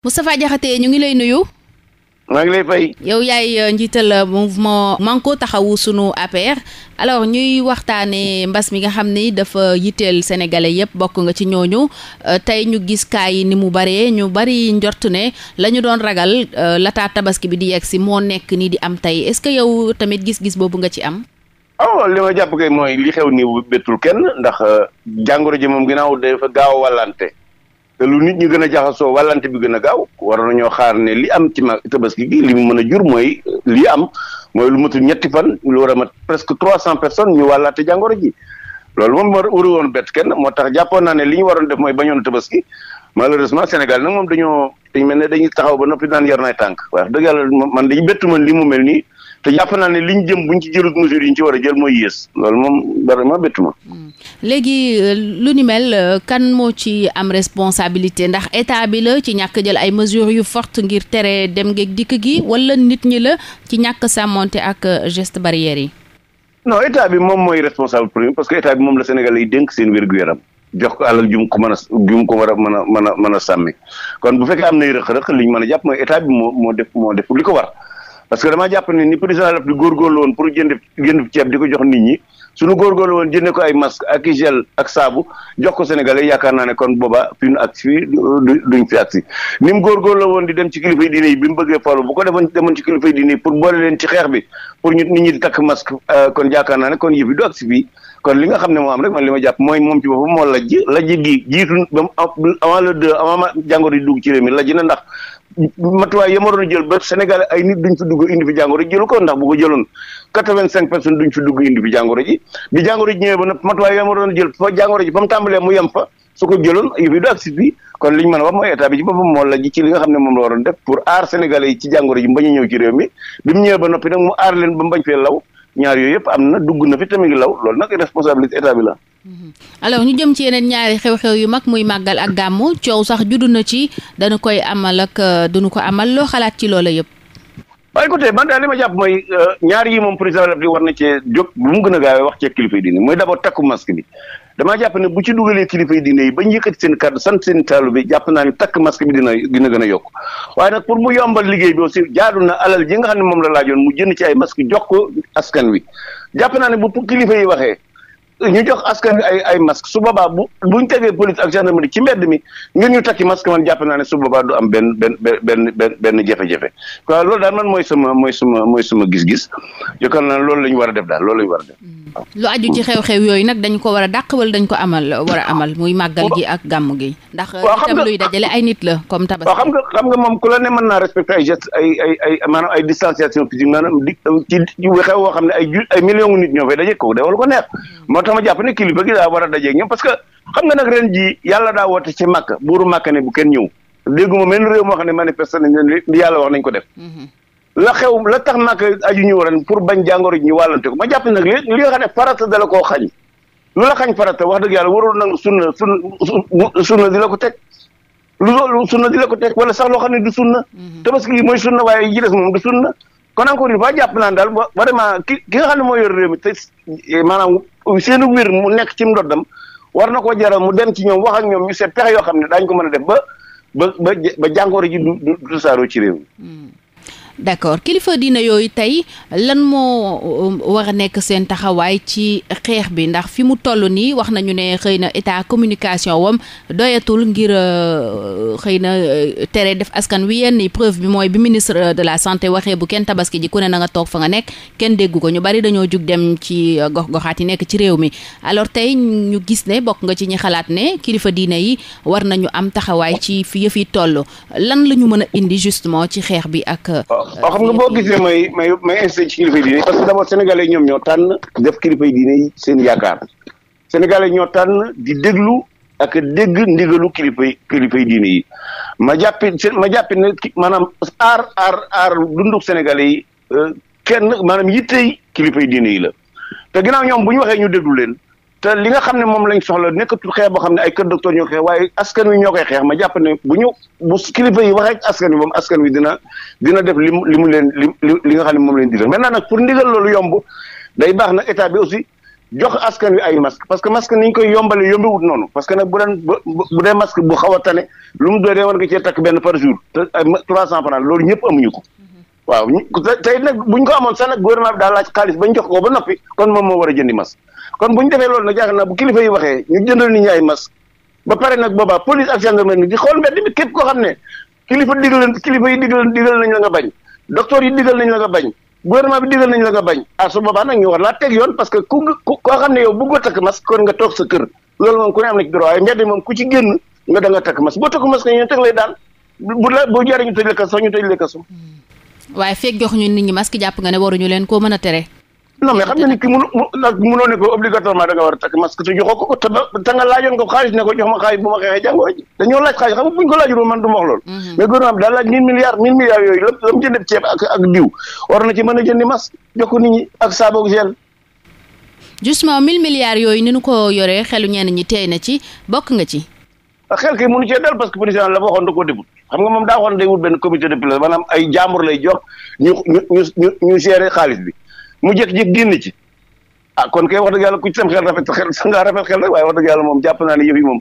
Moustapha Diakhaté ñu ngi lay nuyu. maa ngi lay fay. yow yaay euh, njiital euh, mouvement Manko taxawu sunu APR alors ñuy waxtaanee mbas mi nga xam ni dafa yitteel sénégalais yépp bokk nga ci ñooñu euh, tey ñu gis kaay yi ni mu baree ñu bari njort ne lañu doon ragal lataa tabaski bi di yegg si moo nekk nii di am tey est-ce que yow tamit gis-gis boobu nga ci am. oh li ma jàpp kay mooy li xew nii bettul kenn ndax jàngoro ji moom ginnaaw dafa gaaw wàllante te lu nit ñi gën a jaxasoo wàllante bi a gaaw war nañoo xaar ne li am ci tabaski gi li mu mën a jur mooy li am mooy lu matul ñetti fan lu war a mat presque trois cent personnes ñu wàllaate jàngoro ji loolu moom war waru woon bett kenn moo tax jàppoon naa ne li ñu waroon def mooy bañoon tabaski malheureusement Sénégal nag moom dañoo dañ mel ne dañuy taxaw ba noppi naan yor nay tànk wax dëgg yàlla man dañu bettu man li mu mel nii te jàpp naa ne liñ jëm buñ ci jëlut mesures yi ñu ci war a jël mooy yées loolu moom dara ma bettu ma. Hmm. léegi euh, lu ni mel euh, kan moo ci am responsabilité ndax état bi la ci ñàkk jël ay mesures yu forte ngir tere dem ngeeg dikk gi wala nit ñi la ci ñàkk sàmmonte ak euh, geste barrières yi. non état bi moom mooy responsable premier parce que état bi moom la sénégal yi dénk seen wér-gu-yaram jox ko alal jum ko mën a jum ko war mën a mën a mën a sàmmi kon bu fekkee am nay rëq-rëq liñ mën a jàpp mooy état bi moo moo def moo def li parce que damaa jàpp ne ni président daf di góorgóorlu woon pour jënd jënd ceeb di ko jox nit ñi suñu góorgóorlu woon jënde ko ay masque ak i gel ak saabu jox ko sénégalais yaakaar naa ne kon booba fi ñu agsi fii duñ fi agsi ni woon di dem ci kilifa diine yi bi mu bëggee falu bu ko defoon demoon ci kilifa diine yi pour boole leen ci xeex bi pour ñu nit ñi di takk masque euh, kon yaakaar naa ne kon yëf yi du agsi fii kon li nga xam ne moo am rek man li ma jàpp mooy moom ci boppam moo lajj lajj gi jiitu ba avant le dugg ci réew mi lajj na ndax matuwaay ya waroon a jël ba Sénégal ay nit duñ fi dugg indi fi jàngoro ji ko ndax bu ko jëloon quatre-vingt-cinq personnes duñ fi dugg indi fi jàngoro ji bi jàngoro ji ñëwee ba nag matuwaay ya waroon a jël fa jàngoro ji fa mu mu yem fa su jëloon yëf du agsi kon li ñu a wax mooy état bi ci boppam moo la ji ci li nga xam ne moom la waroon def pour aar sénégalais ci jàngoro ji mu a ñëw ci réew mi bi mu ñëwee ba noppi nag mu aar leen ba mu bañ fee law ñaar yooyu yëpp am na dugg na fi te mu ngi law loolu nag responsabilité état bi la. Mm-hmm. alors ñu jëm ci yeneen ñaari xew-xew yu mag muy màggal ak gàmmu coow sax juddu na ci dana koy amal ak euh, dunu ko amal loo xalaat ci loola yëpp. waaye écoutez man daal li ma jàpp mooy euh, ñaar yi moom président de la war na cee jóg bu mu gën a gaawee wax cee kilifa yi diine mooy d' abord ci dugalee kilifa yi diine yi ba ñu yëkkati seen kàddu sant seen taalu bi jàpp naa ne takk masque bi dina dina gën a yokk waaye nag pour mu yombal liggéey bi aussi jaadu na alal ji nga xam ne moom la laajoon mu jënd ci ay masque jox ko askan wi jàpp naa ne bu kilifa yi waxee ñu jox askan wi ay ay masque su boobaa bu buñ tegee police ak gendarmerie ci mbedd mi ñun ñu takki masque man jàpp naa su boobaa du am benn benn benn benn benn loolu a la ñu war a def. dañ ko a dàq wala dañ ko amal war a amal muy màggal gi ak gàmm gi. ndax itam luy dajale ay nit la comme tabaski. waaw xam nga ku la ne mën naa respecter ay gestes ay maanaam ay distanciation physique maanaam di ci xew woo xam ne ay ju ay millions nit ñoo fay daje ko dewal ko neex sama jàpp ne kilifa gi daa war a dajeeg ñoom parce que xam nga nag ren ji yàlla daa woote ci màkk buuru màkk ne bu kenn ñëw dégguma mel réew moo xam ne manifesté nañ ko def mhm. la xew la tax màkk aju ñëw ren pour bañ jàngoro ji ñu wàllante ko ma jàpp nag li li nga xam ne farata dala koo wax dëgg yàlla warul nag sunna sunna sunna di la ko teg lu loolu sunna di la ko teg wala sax loo xam ne du sunna mhm. tabaski gi waaye moom du sunna kon encore une fois jàpp naan daal vraiment ki ki nga xam ne moo yor réew mi te maanaam seenu wér mu nekk ci mu ndoddam war na ko jaral mu dem ci ñoom wax ak ñoom ñu seet pexe yoo xam ne daañu ko mën a def ba ba ba jàngoro ji du du tasaaroo ci réew d'accord kilifa diina yooyu tey lan moo um, war a nekk seen taxawaay ci xeex bi ndax fi mu toll nii wax nañu ne xëy na état communication wam doyatul ngir euh, xëy na euh, tere def askan wi yenn preuve bi mooy bi ministre euh, de la santé waxee bu kenn tabaski ji ku ne na nga toog fa nga nekk kenn déggu ko ñu bari dañoo jug dem ci gox goxaat yi nekk ci réew mi alors tey ñu gis ne bokk nga ci ñi xalaat ne kilifa diine yi war nañu am taxawaay ci fi yëf yi toll lan la ñu mën a indi justement ci xeex bi ak waaw xam nga boo gisee may may may insisté ci kilifa yi parce que d'abord sénégalais ñoom ñoo tànn def kilifay yi diine seen yaakaar sénégalais ñoo tànn di déglu ak dégg ndigalu kilifa yi kilifa yi diine yi ma jàppi ma jàppi ne maanaam aar aar aar dunduk sénégalais euh, kenn maanaam yittey kilifa yi diine yi la te ginnaaw ñoom bu ñu waxee ñu déglu leen te li nga xam ne moom lañ soxla nekkatul xeex boo xam ne ay kër docteur ñoo koy xeex waaye askan wi ñoo koy xeex ma jàpp ne bu ñu bu kilifa yi waxee askan wi moom askan wi dina dina def li mu li mu leen li li nga xam ne moom leen digal maintenant nag pour ndigal loolu yomb day baax nag état bi aussi jox askan wi ay masque parce que masque ni ñu koy yombale yombi noonu parce que nag bu daan bu dee masque bu xaw a tane lu mu doon war cee takk benn par jour trois cent francs loolu ñëpp amuñu ko. waaw bu nag ko amoon sax nag gouvernement daal laaj xaalis bañ jox ko ba noppi kon moom moo war a jëndi mas kon buñ defee loolu nag yaakaar naa bu kilifa yi waxee ñu jëndal nit koo xam ne kilifa digal kilifa yi digal digal nañ la nga bañ docteur yi digal nañ la nga bañ gouvernement bi digal nañ la nga bañ ah boobaa nag ñu war laa teg yoon parce que ku koo xam ne yow bëggoo takk mas kon nga toog sa kër loolu moom ku ne am na droit mbedd moom ku ci génn nga da takk mas boo takk mas ko ñu teg lay waaye fekk jox ñu nit ñi masque jàpp nga ne waruñu leen ko mën a tere. non mais xam nga ni ki mënu mënoo ko obligatoirement da war a takk masque te joxoo ko te te nga laajoon ko xaalis ne ko jox ma xaalis bu ma xeexee jàngoro ji dañoo laaj xaalis xam nga buñ ko laajul na ci mën jox ko nit ñi ak saabu ak justement mille milliards yooyu nu nu ko yoree xelu ñenn ñi teey na ci bokk nga ci ah, xel kay mënu cee dal parce que président la waxoon da koo defut xam nga moom daa waxoon day wut benn comité de pilote maanaam ay jàmbur lay jox ñu ñu ñu ñu gérer xaalis bi mu jékki-jékki génn ci ah kon kay wax dëgg yàlla ku sam xel rek waaye wax dëgg moom jàpp naa ne yëf yi moom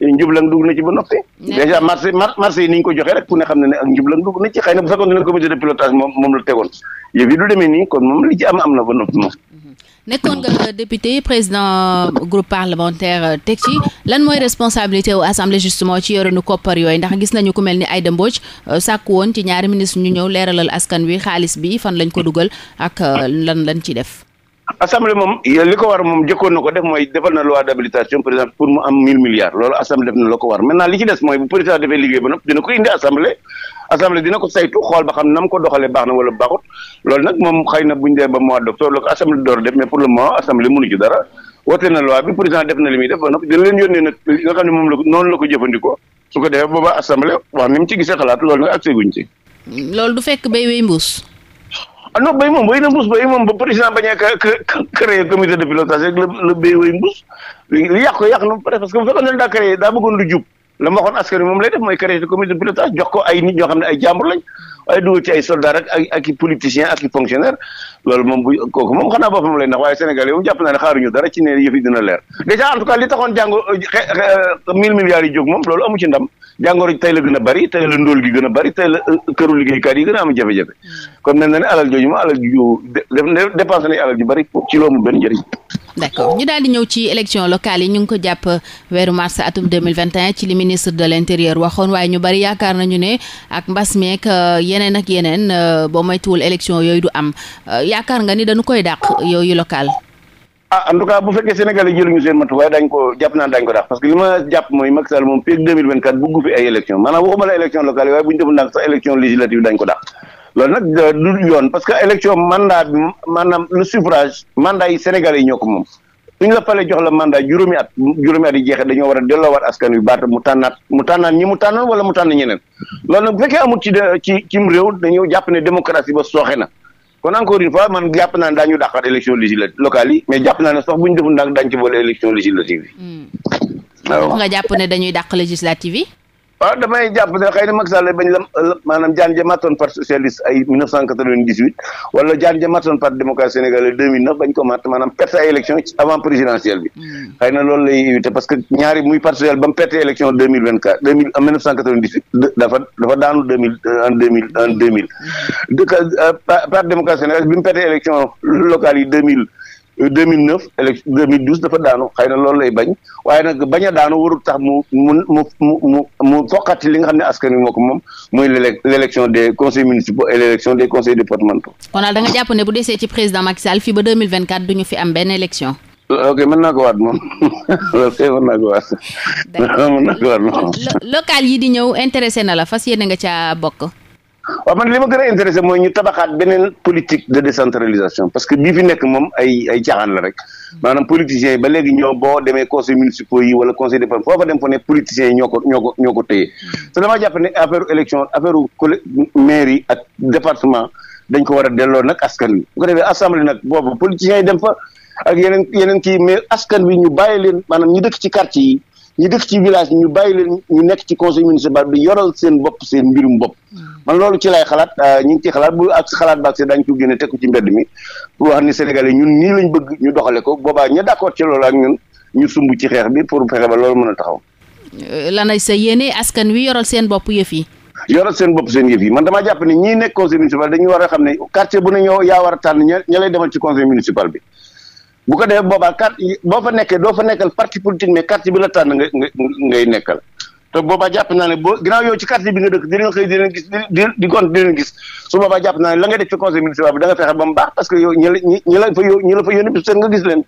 njublang dugg na ci ba noppi dèjà marché marché yi ko joxee rek ku ne xam ne ne ak njublang dugg na ci xëy na bu fekkoon de pilotage moom moom la tegoon yëf yi du demee nii kon moom li ci am am na ba noppi moom nekkoon nga député président groupe parlementaire euh, teg ci lan mooy responsabilité wu assemblée justement ci nu koppar yooyu ndax gis nañu ku mel ni Aïda Mbodj euh, sàkk woon ci ñaari ministre ñu ñëw leeralal askan wi xaalis bi fan lañ ko dugal ak euh, lan lañ ci def assemblée moom li ko war moom jëkkoon na ko def mooy defal na loi d'habilitation par exemple pour mu am mille milliards loolu assemblée def na li muy def ba nopp dina leen yónnee nag nga xam ne moom la noonu la ko jëfandikoo su ko defee boobaa assemblée wax ni mu ci gisee xalaat loolu nag ak guñ ci. loolu du fekk bay wey mbuus. Ah, non béy moom béy na mbuus béy moom ba président bañ a créé comité de pilotage la la way mbuus li yàq ko yàq na pare parce que bu fekkoon ne daa créé daa bëggoon lu jub la ma waxoon moom lay def mooy créé comité de pilotage jox ko ay nit ñoo xam ne ay jàmbur lañ waaye dugal ci ay soldat rek ak ak i politiciens ak i fonctionnaire loolu moom bu kooku moom xanaa boppam lay ndax waaye Sénégal yow jàpp naa ne xaaruñu dara ci ne yëf dina moom loolu amu ci ndam jàngoro tey la gën a bari tey la ndóol gi gën a bari tey la euh, këru liggéeykat yi gën a am jafe-jafe mm. kon mel na ne alal jooju ma alal ju def dépensé nañu alal ju bari ci loomu benn njëriñ d'accord ñu daal di ñëw ci élection locale yi ñu ngi ko jàpp euh, weeru mars atum 2021 ci li ministre de l'intérieur waxoon waaye ñu bari yaakaar nañu ne ak mbas meek euh, yeneen ak yeneen boo moytuwul élection yooyu du am yaakaar nga ni dañu koy dàq yooyu locale ah en tout cas bu fekkee Sénégal yi jëluñu seen matuwaay daañu ko jàpp naa daañu ko daax parce que li ma jàpp mooy Macky Sall moom fii 2024 bëggu fi ay élection maanaam waxuma la élection locale yi waaye bu ñu defoon ndànk sax élection législative daañu ko daax loolu nag euh, du yoon parce que élection mandat bi le suffrage mandat yi Sénégal yi moom suñ la falee jox la mandat juróomi at juróomi at yi jeexee dañoo war a delloowaat askan wi baata mu tànnaat mu tànnaat ñi mu tànnoon wala mu tànn ñeneen loolu nag bu fekkee amul ci ci na kon encore une fois man jàpp naa ne daañu dàqaat élection législative locale yi mais jàpp naa ne sax bu ñu defoon ndànk daañu ci boole élection législative yi. Hmm. nga jàpp ne dañuy dàq législative yi. waaw damay jàpp ne xëy na Macky Sall bañ la maanaam jaan ja matoon socialiste ay 1998 wala jaan ja matoon parti démocratie sénégalaise 2009 bañ ko mat maanaam perte ay élection avant présidentielle bi mm. xëy na loolu lay éviter parce que ñaari muy parti socialiste ba mu perte élection 2024 2000 en 1998 dafa dafa daanu 2000 euh, en 2000 en 2000 mm. euh, parti démocratie sénégalaise bi mu perte élection locale yi 2000 2009 élec 2012 dafa daanu xëy na loolu lay bañ waaye nag bañ a daanu warul tax mu mu mu mu mu foqati li nga xam ne askan wi moo ko moom mooy l' élection des conseils municipaux et l' élection des conseils départementaux. kon daal da jàpp ne bu desee ci président Macky fii ba du ñu fi am benn élection. Euh, ok mën naa ko waat moom loolu yi di ñëw intéressé na la fas yéene nga caa bokk. waaw man li ma gën a mooy ñu tabaxaat beneen politique de décentralisation parce que bii fi nekk moom ay ay caaxaan la rek maanaam politiciens yi ba léegi ñoo boo demee conseil municipaux yi wala conseil départemental foofa dem fa ne politiciens ko ñoo ko ñoo ko téye te hmm. damaa jàpp ne affaire élection affaire collè mairie ak département dañ ko war a delloo nag askan wi bu ko defee assemblée nag boobu politiciens yi dem fa ak yeneen yeneen kii mais askan wi ñu bàyyi leen maanaam ñu dëkk ci quartier yi ñu def ci village ñu bàyyi leen ñu nekk ci conseil municipal bi yoral seen bopp seen mbirum bopp mm. man loolu ci lay xalaat euh, ñu ngi ci xalaat bu ak xalaat baag see dañ ko génne teg ci mbedd mi pour wax ni Sénégalais ñun nii lañ bëgg ñu doxale ko boobaa ñu d'accord ci loolu ak ñun ñu sumb ci xeex bi pour fexe ba loolu mën a taxaw. Euh, lanay sa yéene askan wi yoral seen bopp yëf yi. yoral seen bopp seen yëf yi man damaa jàpp ne ñii nekk conseil municipal dañu war a xam ne quartier bu ne ñoo yaa war a tànn ña lay demal ci conseil municipal bi bu ko defee boobaa carte boo fa nekkee doo fa nekkal parti politique mais carte bi la tànn nga ngay nekkal te boobaa jàpp naa ne boo ginnaaw yow ci quartier bi nga dëkk dinañ xëy dinañ gis di di gont gis su boobaa jàpp naa ne la ngay def ci conseil municipal bi da nga fexe ba mu baax parce que yow ñi la ñi la fa ñi la fa nga gis leen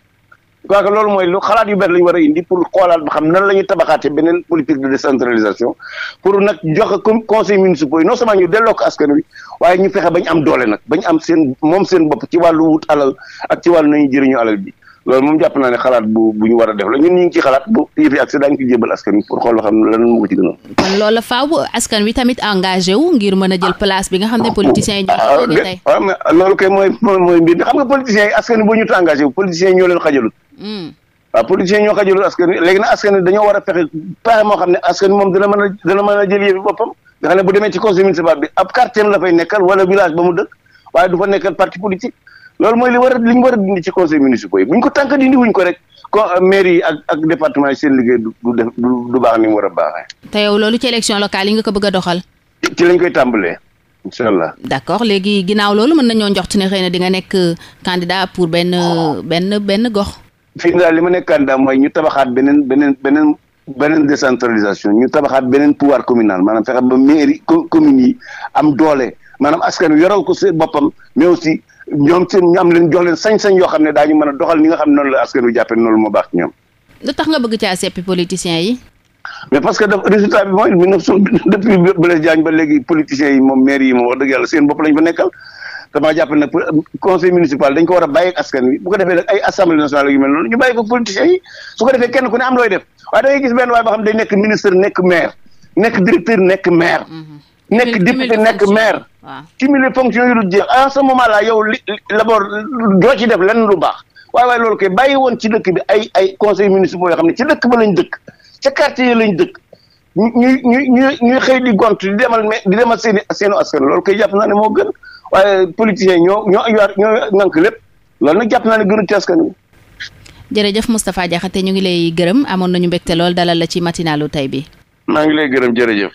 je que loolu mooy lu xalaat yu bëri la ñu war a indi pour xoolaat ba xam nan la ñuy tabaxaatee beneen politique de décentralisation pour nag jox comme conseil municipal yi non seulement ñu delloo ko askan wi waaye ñu fexe ba bi loolu moom jàpp naa ne xalaat bu bu ñu war a def la ñun ñu ngi ci xalaat bu yëf yi ak tamit engagé wu ngir mën a jël place bi nga xam ne politiciens yi. ñoo ah, ah, mooy mooy mbir mi xam nga politiciens yi askan wi boo ñu engagé yi ñoo leen xajalut Hmm. waaw politiciens ñoo xajalul askan wi léegi nag askan wi dañoo war a fexe paaxe moo xam ne askan wi moom dana mën a dana mën a jël yëfi boppam nga xam ne bu demee ci conseil municipal bi ab quartier la fay nekkal wala village ba mu dëkk waaye du fa nekkal parti politique loolu mooy li war a a dindi ci conseil municipal yi bu ñu ko tànk dindi wuñ ko rek ko euh, mairie yi ak ak département yi seen liggéey du du du baax ni mu war a baaxee. te yow loolu ci élection locale yi a koy tàmbalee. incha allah d' léegi ginnaaw loolu mën nañoo njox xëy na di nga nekk euh, candidat pour benn oh. benn benn gox. fii daal li ma nekkaan daal mooy ñu tabaxaat beneen beneen beneen beneen décentralisation ñu tabaxaat beneen pouvoir communal maanaam fexe ba mairie commune yi am doole maanaam askan wi yoral ko seen boppam mais aussi ñoom seen ñu am leen jox leen sañ-sañ yoo xam ne daañu xam ne noonu la askan wi jàppee noonu moo baax ci ñoom. lu tax nga moom maire yi moom wax dëgg seen bopp lañ fa nekkal damaa jàpp nag pour conseil municipal dañ ko war a bàyyi askan wi bu ko defee nag ay assemblée nationale yu mel noonu ñu bàyyi ko politiciens yi su ko defee kenn ku ne am looy def waaye da ngay gis benn waaye boo xam day nekk ministre nekk maire nekk directeur nekk maire. Mhm. nekk député nekk maire. waaw cumuler fonction yu dul jeex à ce moment yow li doo ci def lenn lu baax waaye waaye loolu koy bàyyi woon ci dëkk bi ay ay conseils municipaux yoo xam ne ci dëkk ba lañ dëkk ca quartier yi lañ dëkk. ñu ñu ñu ñu xëy di gont di demal mais di demal loolu koy jàpp naa ne moo gën waaye politiciens yi ñoo ñoo yor ñoo nank lépp loolu na jàpp naa ne gënu tees jërëjëf Moustapha Diakhaté ñu ngi lay gërëm amoon nañu mbégte lool dalal la ci matinalu tey bi maa ngi lay gërëm jërëjëf